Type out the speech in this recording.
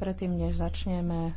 Predtým, než začneme